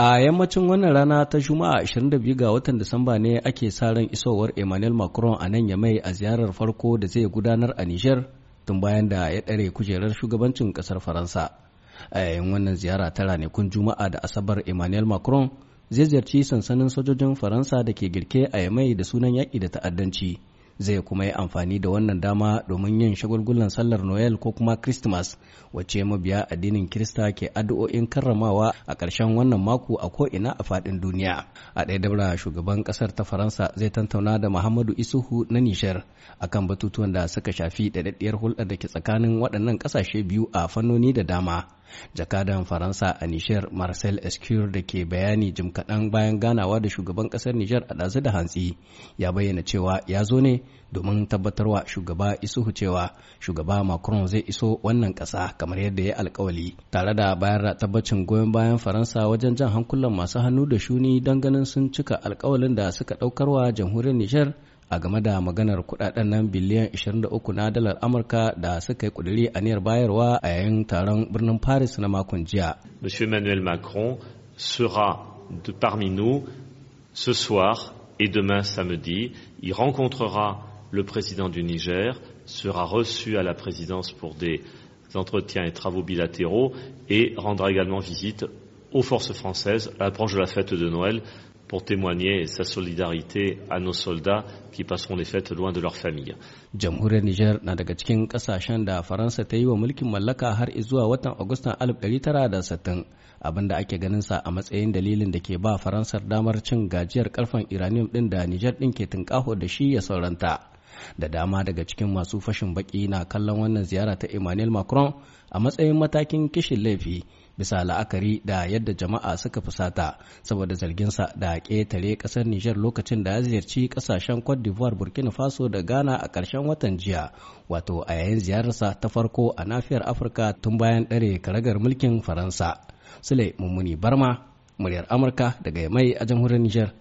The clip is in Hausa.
A yammacin wannan rana ta Juma'a 22 ga watan Disamba ne ake sa ran isowar Emmanuel Macron a nan Yamai a ziyarar farko da zai gudanar a Nijar tun bayan da ya ɗare kujerar shugabancin ƙasar Faransa. A yayin wannan ziyara ta ranakun Juma'a da Asabar Emmanuel Macron zai ziyarci sansanin sojojin Faransa da ke girke a Yamai da sunan yaƙi da ta'addanci. zai kuma yi amfani da wannan dama domin yin shagulgulan sallar noel ko kuma christmas wacce mabiya addinin kirista ke addu'o'in karramawa a ƙarshen wannan mako a ko'ina a faɗin duniya a ɗaya dabra shugaban ƙasar ta faransa zai tantauna da muhammadu isuhu na nishar akan batutuwan da suka shafi ɗaiɗaɗɗiyar hulɗar da ke tsakanin waɗannan ƙasashe biyu a fannoni da dama jakadan faransa a nishiyar marcel escur da ke bayani jim kaɗan bayan ganawa da shugaban ƙasar nijar a ɗazu da hantsi ya bayyana cewa ya zo ne domin tabbatarwa shugaba isuhu cewa shugaba macron zai iso wannan ƙasa kamar yadda ya alkawali tare da bayar da tabbacin goyon bayan faransa wajen jan hankulan masu hannu da shuni don ganin sun cika alkawalin da suka ɗaukarwa jamhuriyar nijar a monsieur emmanuel macron sera de parmi nous ce soir et demain samedi il rencontrera le président du niger sera reçu à la présidence pour des entretiens et travaux bilatéraux et rendra également visite aux forces françaises à l'approche de la fête de Noël pour témoigner sa solidarité à nos soldats qui passeront les fêtes loin de leur famille. Jamhuriyar Niger na daga cikin kasashen da Faransa ta yi wa mulkin mallaka har zuwa watan Agustan 1960 abinda ake ganin sa a matsayin dalilin da ke ba faransa damar cin gajiyar karfan uranium din da Niger din ke tunkaho da shi ya sauranta. da dama daga cikin masu fashin baki na kallon wannan ziyara ta Emmanuel Macron a matsayin matakin kishin laifi bisa la'akari da yadda jama'a suka fusata saboda zarginsa da ƙetare ƙasar Nijar lokacin da ya ziyarci ƙasashen Cote d'Ivoire, Burkina Faso da Ghana a ƙarshen watan jiya, wato a yayin ziyararsa ta farko a nafiyar Afirka tun bayan ɗare karagar mulkin Faransa. Sule Mummuni Barma, muryar Amurka daga mai a jamhuriyar Nijar.